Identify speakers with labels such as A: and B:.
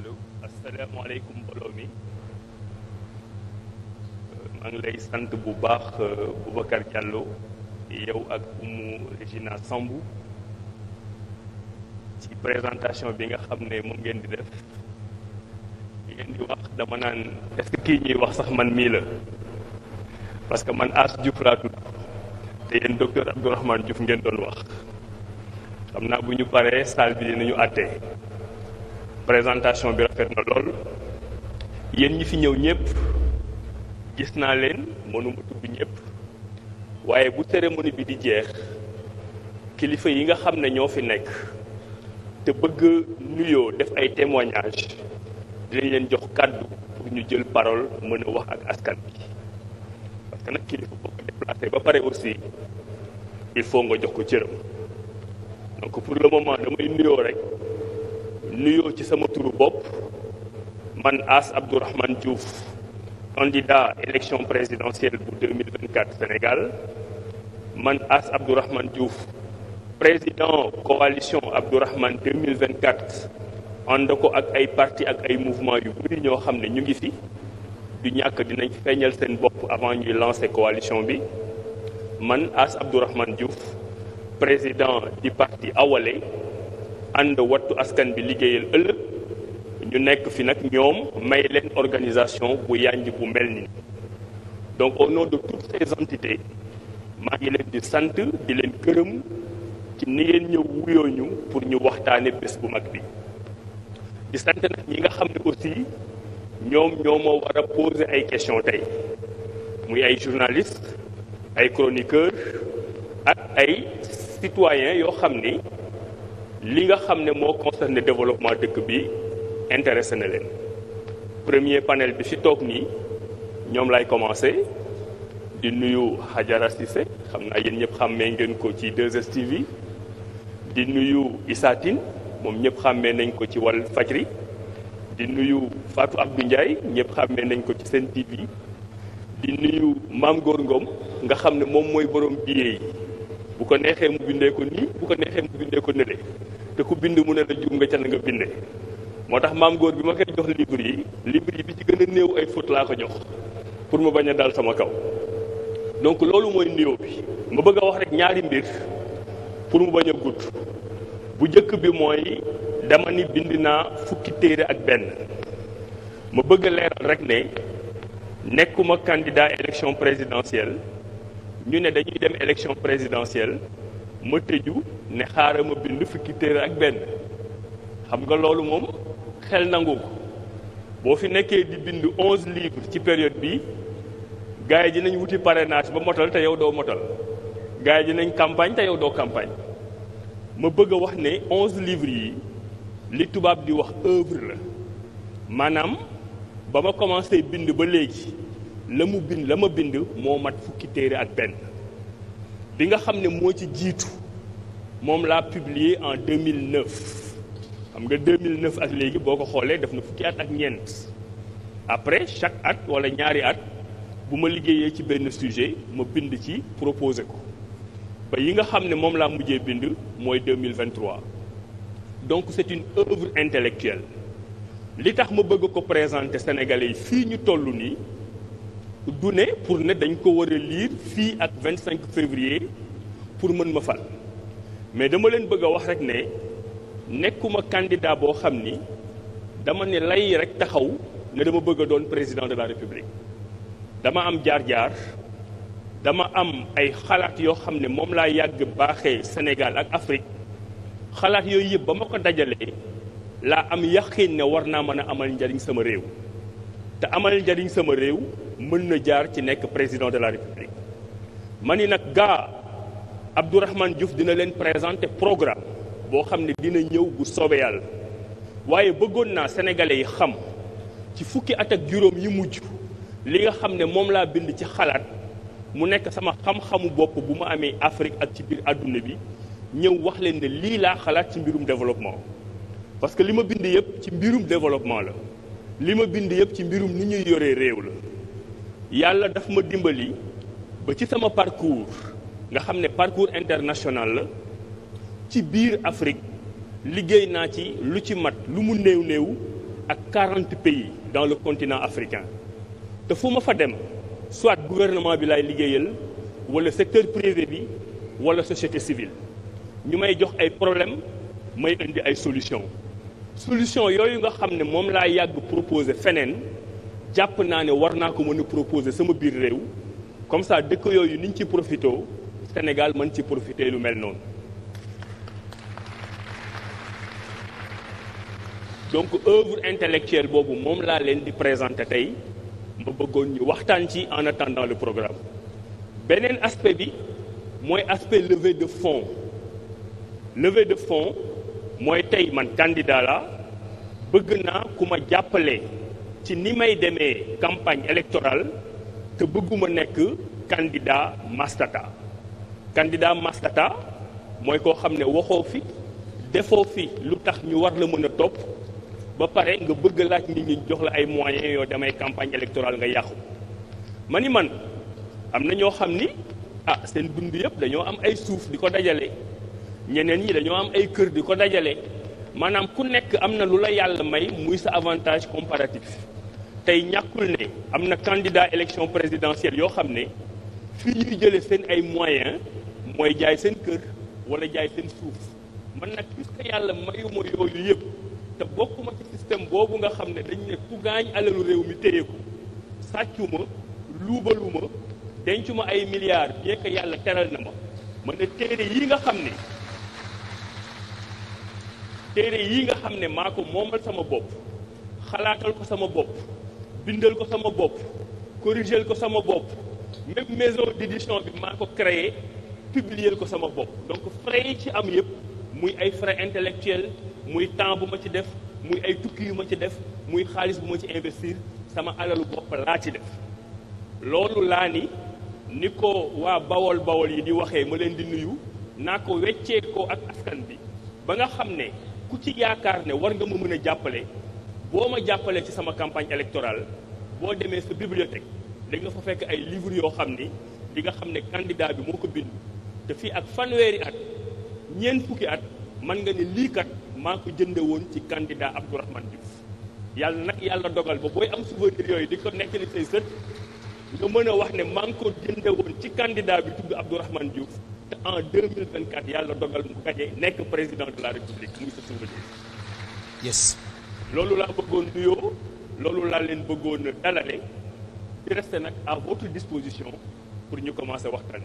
A: allo asalaamaaleykum mbooloo mi euh, maa ngi lay sant bu baax euh, Boubacar Diallo yow ak Oumou Régina Sambou ci présentation bi nga xam ne moom ngeen di def ngeen di wax dama naan est-ce que kii ñuy wax sax man mii la parce que man As Diouf laa tudd te yéen docteur Abdourahmane ngeen doon wax xam naa bu ñu paree salle bi dinañu présentation bi rafet na lool yéen ñi fi ñëw ñëpp gis naa leen mënuma tudd ñëpp waaye bu cérémonie bi di jeex kilifa yi nga xam ne ñoo fi nekk te bëgg nuyoo def ay témoignages dinañ leen jox kàddu pour ñu jël parole mën a wax ak askan bi parce que nag kilifa boo ko déplacé ba pare aussi il faut nga jox ko cëram donc pour le moment damay nuyoo rek. nuyoo ci sama turu bopp man As Abdourahmane Diouf candidat élection présidentielle bu 2024 Sénégal man As Abdourahmane Diouf président coalition Abdourahmane 2024 ànd ko ak ay parti ak ay mouvement yu bëri ñoo xam ne ñu ngi fi du ñàkk dinañ feeñal seen bopp avant ñuy lancer coalition bi man As Abdourahmane Diouf président du parti awale ànd wattu askan bi liggéeyal ëllëg ñu nekk fi nag ñoom may leen organisation bu yanj bu mel ni donc au nom de toutes ces entités maa ngi leen di sant di leen gërëm ci ni ngeen ñëw wuyoo ñu pour ñu waxtaane bés bu mag bi di sant nag ñi nga xam ne aussi ñoom ñoo ma war a ay questions tey muy ay journalistes ay chroniqueurs ak ay citoyens yoo xam ni li nga xam ne moo concerné développement dëkk bi intéressé na leen premier panel bi fi toog nii ñoom lay commencé di nuyu Hajara Cissé xam naa yéen ñëpp xàmmee ngeen ko ci 2STV di nuyu Issa Tine moom ñëpp xàmmee nañ ko ci wàllu fajri di nuyu faatu Abdou Ndiaye ñëpp xàmmee nañ ko ci seen TV di nuyu maam Gor nga xam ne moom mooy borom billet yi bu ko neexee mu bindee ko nii bu ko neexee mu bindee ko nële te ku bind mu ne la juum nga ca nga binde moo tax maam góor bi ma koy jox livre yi livre yi bi ci gën a néew ay faute laa ko jox pour mu bañ a dal sama kaw donc loolu mooy néew bi ma bëgg a wax rek ñaari mbir pour mu bañ a gudd bu njëkk bi mooy dama ni bind naa fukki téere ak benn ma bëgg a leeral rek ne nekkuma candidat élection présidentielle ñu ne dañuy dem élection présidentielle ma tëju ne xaaral ma bind fukki téere ak benn xam nga loolu moom xel nangu ko boo fi nekkee di bind onze livres ci période bi gars ji nañu wuti parrainage ba motal te yow doo motal gars ji dinañ campagne te yow doo campagne ma bëgg a wax ne onze livre yi li tubaab di wax œuvre la maanaam ba ma commencé bind ba léegi la mu bind la ma bind moo mat fukki téere ak benn bi nga xam ne moo ci jiitu moom laa publié en 2009 xam nga 2009 ak léegi boo ko xoolee def na fukki at ak ñeent après chaque at wala ñaari at bu ma liggéeyee ci benn sujet ma bind ci proposé ko ba yi nga xam ne moom laa mujjee bind mooy 2023 donc c'est une œuvre intellectuelle li tax ma bëgg ko présenter Sénégalais yi fii ñu toll nii du ne pour ne dañ ko war a lire fii ak vingt cinq février pour mën ma fal mais dama leen bëgg a wax rek ne nekkuma candidat boo xam ni dama ne lay rek taxaw ne dama bëgg a doon président de la république dama am jaar-jaar dama am ay xalaat yoo xam ne moom laa yàgg baaxee Sénégal ak Afrique xalaat yooyu yëpp ba ma ko dajalee laa am yaqin ne war naa mën a amal njariñ sama réew te amal njariñ sama réew mën na jaar ci nekk président de la république ma ni nag gaa Abdourahmane Diouf dina leen présenter programme boo xam ne dina ñëw bu soobee yàlla waaye bëggoon naa sénégalais yi xam ci fukki at ak juróom yi mujj li nga xam ne moom laa bind ci xalaat mu nekk sama xam-xamu bopp bu ma amee Afrique ak ci biir àdduna bi ñëw wax leen ne lii laa xalaat ci mbirum développement parce que li ma bind yëpp ci mbirum développement la li ma bind yëpp ci mbirum ni ñuy yoree réew la yàlla daf ma dimbali ba ci sama parcours nga xam ne parcours international la ci biir Afrique liggéey naa ci lu ci mat lu mu néew néew ak 40 pays dans le continent africain te fu ma fa dem soit gouvernement bi laay liggéeyal wala secteur privé bi wala société civile ñu may jox ay problème may indi ay solution solution yooyu nga xam ne moom laa yàgg proposer feneen jàpp naa ne war naa ko mën a proposer sama biir réew comme ça dëkk yooyu niñ ci profité Sénégal mën ci profité lu mel noonu donc œuvre intellectuelle boobu moom laa leen di présenter tey ma bëggoon ñu waxtaan ci en attendant le programme beneen aspect bi mooy aspect levée de fonds levée de fonds mooy tey man kandidaa la bëgg naa ku ma jàppale ci ni may demee campagne électorale te bëgguma nekk candidat mastata candidat mastata mooy koo xam ne waxoo fi defoo fi lu tax ñu war la mën a topp ba pare nga bëgg laaj nit ñi jox la ay moyens yoo damay campagne électorale nga yàqu mani man am na ñoo xam ni ah seen dund yëpp dañoo am ay suuf di ko dajale ñeneen ñi dañoo am ay kër di ko dajale maanaam ku nekk am na lu la yàlla may muy sa avantage comparatif tey ñàkkul ne am na candidat élection présidentielle yoo xam ne fii ñuy jëlee seen ay moyens mooy jaay seen kër wala jaay seen suuf man nag puisque yàlla mayuma yooyu yëpp te bokkuma ci système boobu nga xam ne dañ ne ku gaañ alalu réew mi téye ko sàccuma luubaluma dencuma ay milliards bien que yàlla teral na ma mën a téere yi nga xam ne téere yi nga xam ne maa ko moomal sama bopp xalaatal ko sama bopp bindal ko sama bopp corrigel ko sama bopp même maison d'édition bi maa ko créé publier ko sama bopp donc frais yi ci am yëpp muy ay frais intellectuels muy temps bu ma ci def muy ay tukki yu ma ci def muy xaalis bu ma ci investir sama alalu bopp laa ci def loolu laa ni ni ko waa bawol bawol yi di waxee ma leen di nuyu naa ko weccee ko ak askan bi ba nga xam ne ku ci yaakaar ne war nga ma mën a jàppale boo ma jàppalee ci sama campagne électorale boo demee sa bibliothèque dañ nga fa fekk ay livres yoo xam ni li nga xam ne candidat bi moo ko bind te fii ak fanweeri at ñeent fukki at man nga ne lii kat maa ko jënde woon ci candidat Abdourahmane Diouf yàlla nag yàlla dogal ba booy am souvenir yooyu di ko nekk ni say sët nga mën a wax ne maa ngi ko jënde woon ci candidat bi tudd Abdourahmane Diouf te en 2024 yàlla dogal mu gañe nekk président de la république muy sa souvenir yes loolu laa bëggoon nuyoo loolu laa leen bëggoon dalale di rester nag à votre disposition pour ñu commencer waxtaan